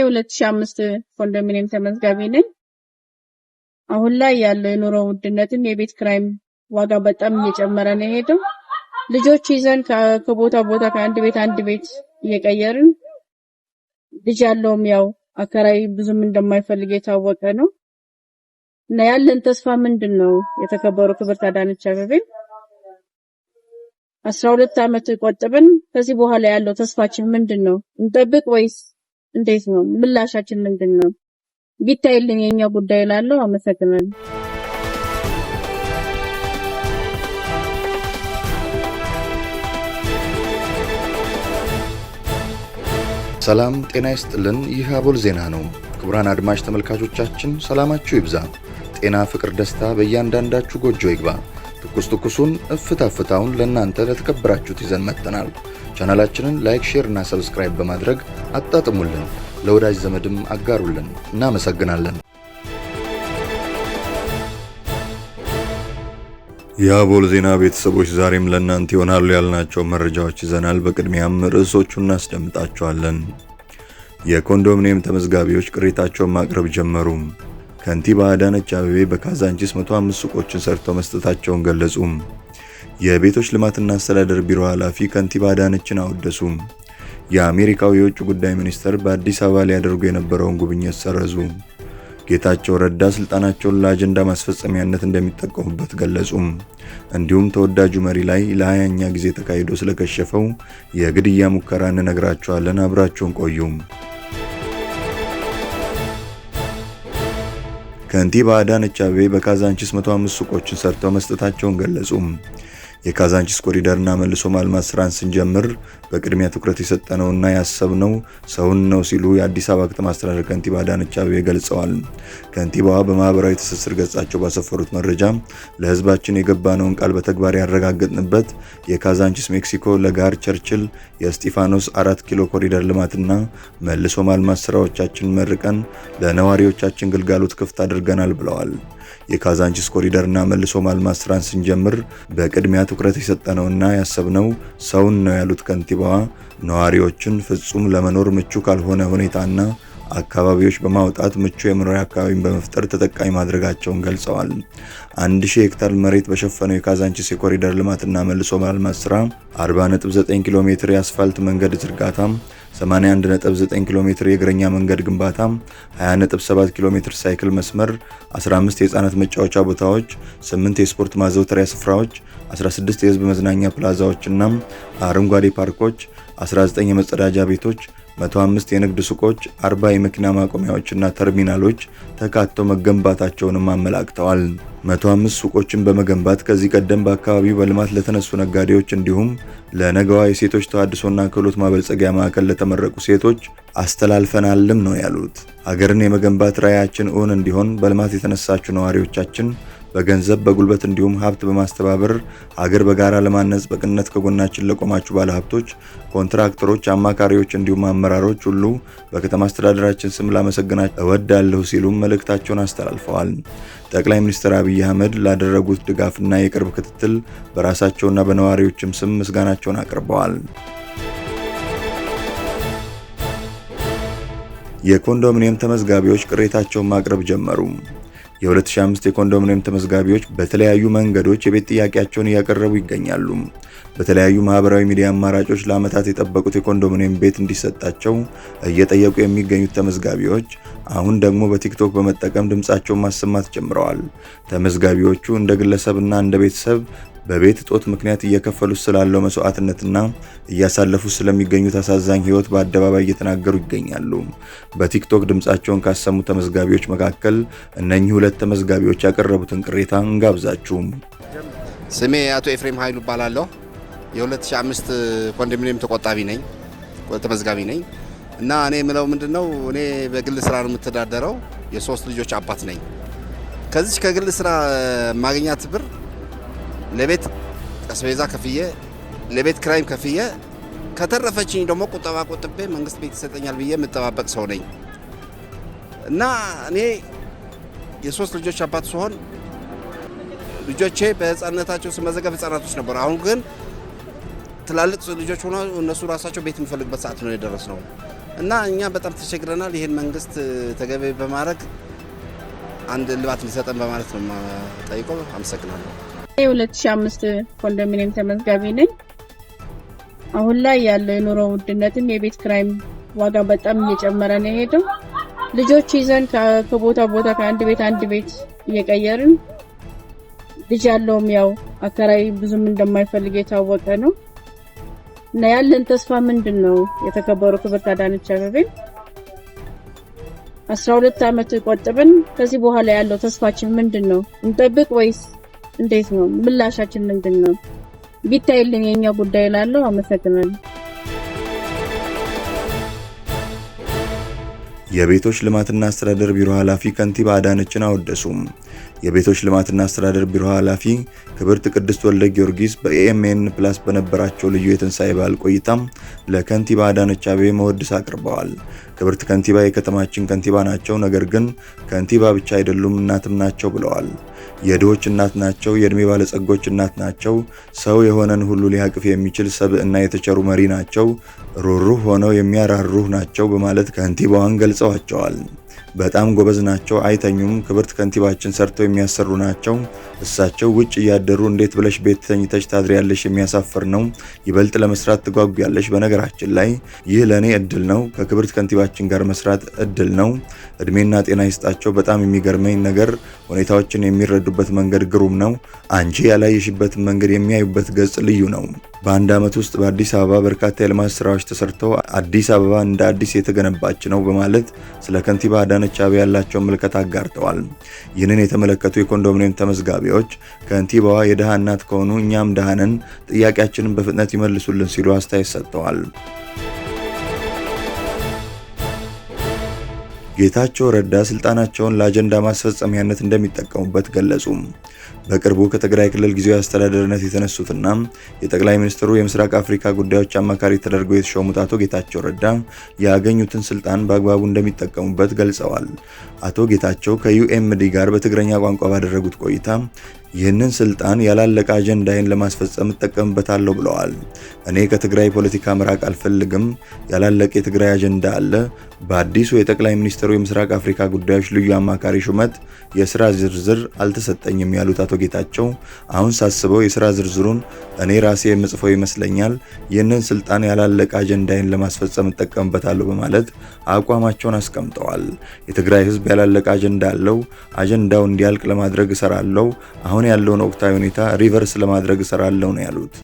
የሁለት ሺህ አምስት ኮንዶሚኒየም ተመዝጋቢ ነኝ። አሁን ላይ ያለው የኑሮ ውድነትም የቤት ክራይም ዋጋ በጣም እየጨመረ ነው የሄደው። ልጆች ይዘን ከቦታ ቦታ ከአንድ ቤት አንድ ቤት እየቀየርን ልጅ ያለውም ያው አከራይ ብዙም እንደማይፈልግ የታወቀ ነው እና ያለን ተስፋ ምንድን ነው? የተከበሩ ክብርት አዳነች አቤቤ አስራ ሁለት ዓመት ቆጥብን ከዚህ በኋላ ያለው ተስፋችን ምንድን ነው? እንጠብቅ ወይስ እንዴት ነው ምላሻችን? ምንድን ነው ቢታይልኝ የኛ ጉዳይ ላለው አመሰግናለሁ። ሰላም ጤና ይስጥልን። ይህ አቦል ዜና ነው። ክቡራን አድማጭ ተመልካቾቻችን ሰላማችሁ ይብዛ፣ ጤና፣ ፍቅር፣ ደስታ በእያንዳንዳችሁ ጎጆ ይግባ። ትኩስ ትኩሱን እፍታ ፍታውን ለእናንተ ለተከበራችሁት ይዘን መጥተናል። ቻናላችንን ላይክ፣ ሼር እና ሰብስክራይብ በማድረግ አጣጥሙልን፣ ለወዳጅ ዘመድም አጋሩልን። እናመሰግናለን። የአቦል ዜና ቤተሰቦች ዛሬም ለእናንተ ይሆናሉ ያልናቸው መረጃዎች ይዘናል። በቅድሚያም ርዕሶቹ እናስደምጣቸዋለን። የኮንዶሚኒየም ተመዝጋቢዎች ቅሬታቸውን ማቅረብ ጀመሩ። ከንቲባ አዳነች አቤቤ በካዛንቺስ 105 ሱቆችን ሰርተው መስጠታቸውን ገለጹ። የቤቶች ልማትና አስተዳደር ቢሮ ኃላፊ ከንቲባ አዳነችን አወደሱ። የአሜሪካው የውጭ ጉዳይ ሚኒስትር በአዲስ አበባ ሊያደርጉ የነበረውን ጉብኝት ሰረዙ። ጌታቸው ረዳ ስልጣናቸውን ለአጀንዳ ማስፈጸሚያነት እንደሚጠቀሙበት ገለጹ። እንዲሁም ተወዳጁ መሪ ላይ ለሀያኛ ጊዜ ተካሂዶ ስለከሸፈው የግድያ ሙከራ እንነግራቸዋለን። አብራቸውን ቆዩ። ከንቲባ አዳነች አቤቤ በካዛንቺስ 105 ሱቆችን ሰርተው መስጠታቸውን ገለጹ። የካዛንቺስ ኮሪደርና መልሶ ማልማት ስራን ስንጀምር በቅድሚያ ትኩረት የሰጠነውና ያሰብነው ሰውን ነው ሲሉ የአዲስ አበባ ከተማ አስተዳደር ከንቲባ አዳነች አቤቤ ገልጸዋል። ከንቲባዋ በማህበራዊ ትስስር ገጻቸው ባሰፈሩት መረጃ ለህዝባችን የገባነውን ቃል በተግባር ያረጋገጥንበት የካዛንቺስ ሜክሲኮ፣ ለጋር ቸርችል፣ የእስጢፋኖስ አራት ኪሎ ኮሪደር ልማትና መልሶ ማልማት ስራዎቻችን መርቀን ለነዋሪዎቻችን ግልጋሎት ክፍት አድርገናል ብለዋል። የካዛንቺስ ኮሪደርና መልሶ ማልማት ስራን ስንጀምር በቅድሚያ ትኩረት የሰጠነውና ያሰብነው ሰውን ነው ያሉት ከንቲባዋ ነዋሪዎችን ፍጹም ለመኖር ምቹ ካልሆነ ሁኔታና አካባቢዎች በማውጣት ምቹ የመኖሪያ አካባቢን በመፍጠር ተጠቃሚ ማድረጋቸውን ገልጸዋል። አንድ ሺህ ሄክታር መሬት በሸፈነው የካዛንቺስ የኮሪደር ልማትና መልሶ ማልማት ስራ 49 ኪሎ ሜትር የአስፋልት መንገድ ዝርጋታ 81.9 ኪሎ ሜትር የእግረኛ መንገድ ግንባታ፣ 20.7 ኪሎ ሜትር ሳይክል መስመር፣ 15 የህፃናት መጫወቻ ቦታዎች፣ 8 የስፖርት ማዘውተሪያ ስፍራዎች፣ 16 የህዝብ መዝናኛ እና አረንጓዴ ፓርኮች፣ 19 የመጸዳጃ ቤቶች 105 የንግድ ሱቆች፣ 40 የመኪና ማቆሚያዎችና ተርሚናሎች ተካተው መገንባታቸውንም አመላክተዋል። 105 ሱቆችን በመገንባት ከዚህ ቀደም በአካባቢው በልማት ለተነሱ ነጋዴዎች እንዲሁም ለነገዋ የሴቶች ተሃድሶና ክህሎት ማበልጸጊያ ማዕከል ለተመረቁ ሴቶች አስተላልፈናልም ነው ያሉት። አገርን የመገንባት ራዕያችን እውን እንዲሆን በልማት የተነሳችው ነዋሪዎቻችን በገንዘብ በጉልበት እንዲሁም ሀብት በማስተባበር አገር በጋራ ለማነጽ በቅንነት ከጎናችን ለቆማችሁ ባለሀብቶች፣ ኮንትራክተሮች፣ አማካሪዎች እንዲሁም አመራሮች ሁሉ በከተማ አስተዳደራችን ስም ላመሰግናችሁ እወዳለሁ ሲሉም መልእክታቸውን አስተላልፈዋል። ጠቅላይ ሚኒስትር አብይ አህመድ ላደረጉት ድጋፍና የቅርብ ክትትል በራሳቸውና በነዋሪዎችም ስም ምስጋናቸውን አቅርበዋል። የኮንዶሚኒየም ተመዝጋቢዎች ቅሬታቸውን ማቅረብ ጀመሩ። የ2005 የኮንዶሚኒየም ተመዝጋቢዎች በተለያዩ መንገዶች የቤት ጥያቄያቸውን እያቀረቡ ይገኛሉ። በተለያዩ ማህበራዊ ሚዲያ አማራጮች ለዓመታት የጠበቁት የኮንዶሚኒየም ቤት እንዲሰጣቸው እየጠየቁ የሚገኙት ተመዝጋቢዎች አሁን ደግሞ በቲክቶክ በመጠቀም ድምፃቸውን ማሰማት ጀምረዋል። ተመዝጋቢዎቹ እንደ ግለሰብና እንደ ቤተሰብ በቤት እጦት ምክንያት እየከፈሉት ስላለው መስዋዕትነትና እያሳለፉ ስለሚገኙት አሳዛኝ ህይወት በአደባባይ እየተናገሩ ይገኛሉ። በቲክቶክ ድምፃቸውን ካሰሙ ተመዝጋቢዎች መካከል እነኚህ ሁለት ተመዝጋቢዎች ያቀረቡትን ቅሬታ እንጋብዛችሁም። ስሜ አቶ ኤፍሬም ኃይሉ እባላለሁ። የ2005 ኮንዶሚኒየም ተቆጣቢ ነኝ፣ ተመዝጋቢ ነኝ እና እኔ የምለው ምንድን ነው እኔ በግል ስራ ነው የምተዳደረው። የሶስት ልጆች አባት ነኝ። ከዚች ከግል ስራ ማግኛት ብር ለቤት አስቤዛ ከፍዬ ለቤት ክራይም ከፍዬ ከተረፈችኝ ደግሞ ቁጠባ ቁጥቤ መንግስት ቤት ይሰጠኛል ብዬ የምጠባበቅ ሰው ነኝ እና እኔ የሶስት ልጆች አባት ሲሆን ልጆቼ በህፃንነታቸው ስመዘገብ ህፃናቶች ነበሩ። አሁን ግን ትላልቅ ልጆች ሆኖ እነሱ ራሳቸው ቤት የሚፈልግበት ሰዓት ነው የደረስ ነው እና እኛ በጣም ተቸግረናል። ይህን መንግስት ተገቢ በማድረግ አንድ እልባት ሊሰጠን በማለት ነው ጠይቆ አመሰግናለሁ። የ2005 ኮንዶሚኒየም ተመዝጋቢ ነኝ። አሁን ላይ ያለው የኑሮ ውድነትም የቤት ክራይም ዋጋ በጣም እየጨመረ ነው የሄደው። ልጆች ይዘን ከቦታ ቦታ ከአንድ ቤት አንድ ቤት እየቀየርን ልጅ ያለውም ያው አከራይ ብዙም እንደማይፈልግ የታወቀ ነው እና ያለን ተስፋ ምንድን ነው? የተከበሩ ክብርት አዳነች አበቤ አስራ ሁለት ዓመት ቆጥበን ከዚህ በኋላ ያለው ተስፋችን ምንድን ነው? እንጠብቅ ወይስ እንዴት ነው ምላሻችን? ምንድን ነው ቢታይልን ጉዳይ ላለው አመሰግናለሁ። የቤቶች ልማትና አስተዳደር ቢሮ ኃላፊ ከንቲባ አዳነችን አወደሱም። የቤቶች ልማትና አስተዳደር ቢሮ ኃላፊ ክብርት ቅድስት ወልደ ጊዮርጊስ በኤኤምኤን ፕላስ በነበራቸው ልዩ የትንሣኤ በዓል ቆይታም ለከንቲባ አዳነች አቤቤ መወድስ አቅርበዋል። ክብርት ከንቲባ የከተማችን ከንቲባ ናቸው፣ ነገር ግን ከንቲባ ብቻ አይደሉም፣ እናትም ናቸው ብለዋል። የድሆች እናት ናቸው። የእድሜ ባለጸጎች እናት ናቸው። ሰው የሆነን ሁሉ ሊያቅፍ የሚችል ሰብዕና የተቸሩ መሪ ናቸው። ሩሩህ ሆነው የሚያራሩህ ናቸው በማለት ከንቲባዋን ገልጸዋቸዋል። በጣም ጎበዝ ናቸው፣ አይተኙም። ክብርት ከንቲባችን ሰርተው የሚያሰሩ ናቸው። እሳቸው ውጭ እያደሩ እንዴት ብለሽ ቤት ተኝተሽ ታድሪያለሽ? የሚያሳፍር ነው። ይበልጥ ለመስራት ትጓጉያለሽ። በነገራችን ላይ ይህ ለእኔ እድል ነው። ከክብርት ከንቲባችን ጋር መስራት እድል ነው። እድሜና ጤና ይስጣቸው። በጣም የሚገርመኝ ነገር ሁኔታዎችን የሚረዱበት መንገድ ግሩም ነው። አንቺ ያላየሽበትን መንገድ የሚያዩበት ገጽ ልዩ ነው። በአንድ ዓመት ውስጥ በአዲስ አበባ በርካታ የልማት ስራዎች ተሰርተው አዲስ አበባ እንደ አዲስ የተገነባች ነው በማለት ስለ ከንቲባ አዳነች አቤቤ ያላቸውን ምልከታ አጋርተዋል። ይህንን የተመለከቱ የኮንዶሚኒየም ተመዝጋቢ ሽማግሌዎች ከንቲባዋ የድሃ እናት ከሆኑ እኛም ድሃ ነን፣ ጥያቄያችንን በፍጥነት ይመልሱልን ሲሉ አስተያየት ሰጥተዋል። ጌታቸው ረዳ ስልጣናቸውን ለአጀንዳ ማስፈጸሚያነት እንደሚጠቀሙበት ገለጹ። በቅርቡ ከትግራይ ክልል ጊዜያዊ አስተዳደርነት የተነሱትና የጠቅላይ ሚኒስትሩ የምስራቅ አፍሪካ ጉዳዮች አማካሪ ተደርገው የተሾሙት አቶ ጌታቸው ረዳ ያገኙትን ስልጣን በአግባቡ እንደሚጠቀሙበት ገልጸዋል። አቶ ጌታቸው ከዩኤምዲ ጋር በትግረኛ ቋንቋ ባደረጉት ቆይታ ይህንን ስልጣን ያላለቀ አጀንዳይን ለማስፈጸም እጠቀምበታለሁ ብለዋል። እኔ ከትግራይ ፖለቲካ መራቅ አልፈልግም። ያላለቀ የትግራይ አጀንዳ አለ። በአዲሱ የጠቅላይ ሚኒስትሩ የምስራቅ አፍሪካ ጉዳዮች ልዩ አማካሪ ሹመት የስራ ዝርዝር አልተሰጠኝም ያሉት አቶ ጌታቸው አሁን ሳስበው የስራ ዝርዝሩን እኔ ራሴ የምጽፈው ይመስለኛል። ይህንን ስልጣን ያላለቀ አጀንዳይን ለማስፈጸም እጠቀምበታለሁ በማለት አቋማቸውን አስቀምጠዋል። የትግራይ ህዝብ ያላለቀ አጀንዳ አለው። አጀንዳው እንዲያልቅ ለማድረግ እሰራለሁ። አሁን አሁን ያለውን ወቅታዊ ሁኔታ ሪቨርስ ለማድረግ እሰራለሁ ነው ያሉት።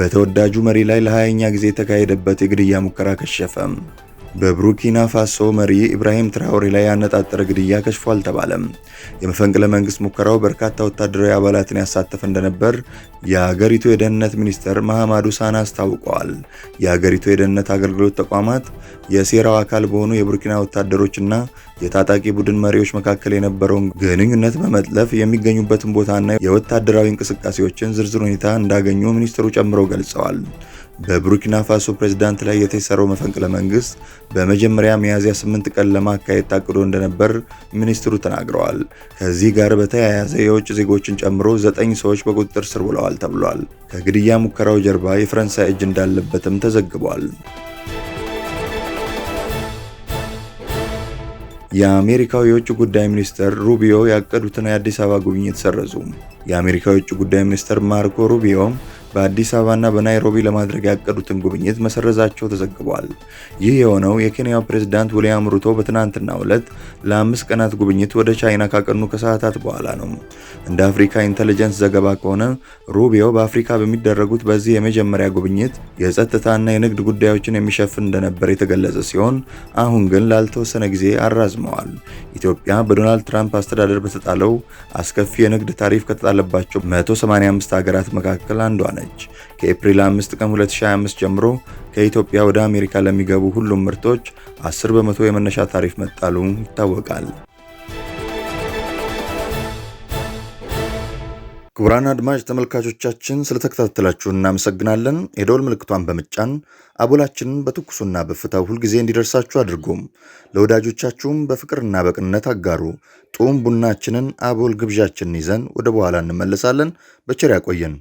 በተወዳጁ መሪ ላይ ለሃያኛ ጊዜ የተካሄደበት የግድያ ሙከራ ከሸፈም። በቡርኪና ፋሶ መሪ ኢብራሂም ትራውሬ ላይ ያነጣጠረ ግድያ ከሽፎ አልተባለም። የመፈንቅለ መንግስት ሙከራው በርካታ ወታደራዊ አባላትን ያሳተፈ እንደነበር የሀገሪቱ የደህንነት ሚኒስተር መሐማዱ ሳና አስታውቀዋል። የሀገሪቱ የደህንነት አገልግሎት ተቋማት የሴራው አካል በሆኑ የቡርኪና ወታደሮችና የታጣቂ ቡድን መሪዎች መካከል የነበረውን ግንኙነት በመጥለፍ የሚገኙበትን ቦታና የወታደራዊ እንቅስቃሴዎችን ዝርዝር ሁኔታ እንዳገኙ ሚኒስትሩ ጨምረው ገልጸዋል። በቡርኪና ፋሶ ፕሬዝዳንት ላይ የተሰራው መፈንቅለ መንግስት በመጀመሪያ ሚያዝያ 8 ቀን ለማካሄድ ታቅዶ እንደነበር ሚኒስትሩ ተናግረዋል። ከዚህ ጋር በተያያዘ የውጭ ዜጎችን ጨምሮ ዘጠኝ ሰዎች በቁጥጥር ስር ውለዋል ተብሏል። ከግድያ ሙከራው ጀርባ የፈረንሳይ እጅ እንዳለበትም ተዘግቧል። የአሜሪካው የውጭ ጉዳይ ሚኒስትር ሩቢዮ ያቀዱትን የአዲስ አበባ ጉብኝት ሰረዙ። የአሜሪካው የውጭ ጉዳይ ሚኒስትር ማርኮ ሩቢዮ በአዲስ አበባና በናይሮቢ ለማድረግ ያቀዱትን ጉብኝት መሰረዛቸው ተዘግቧል። ይህ የሆነው የኬንያው ፕሬዝዳንት ዊልያም ሩቶ በትናንትናው ዕለት ለአምስት ቀናት ጉብኝት ወደ ቻይና ካቀኑ ከሰዓታት በኋላ ነው። እንደ አፍሪካ ኢንተለጀንስ ዘገባ ከሆነ ሩቢዮ በአፍሪካ በሚደረጉት በዚህ የመጀመሪያ ጉብኝት የጸጥታና የንግድ ጉዳዮችን የሚሸፍን እንደነበር የተገለጸ ሲሆን አሁን ግን ላልተወሰነ ጊዜ አራዝመዋል። ኢትዮጵያ በዶናልድ ትራምፕ አስተዳደር በተጣለው አስከፊ የንግድ ታሪፍ ከተጣለባቸው 185 ሀገራት መካከል አንዷ ነች። ከኤፕሪል 5 ቀን 2025 ጀምሮ ከኢትዮጵያ ወደ አሜሪካ ለሚገቡ ሁሉም ምርቶች 10 በመቶ የመነሻ ታሪፍ መጣሉ ይታወቃል። ክቡራን አድማጭ ተመልካቾቻችን ስለተከታተላችሁ እናመሰግናለን። የደወል ምልክቷን በመጫን አቦላችንን በትኩሱና በእፍታው ሁልጊዜ እንዲደርሳችሁ አድርጎም ለወዳጆቻችሁም በፍቅርና በቅንነት አጋሩ። ጡም ቡናችንን አቦል ግብዣችንን ይዘን ወደ በኋላ እንመለሳለን። በቸር ያቆየን።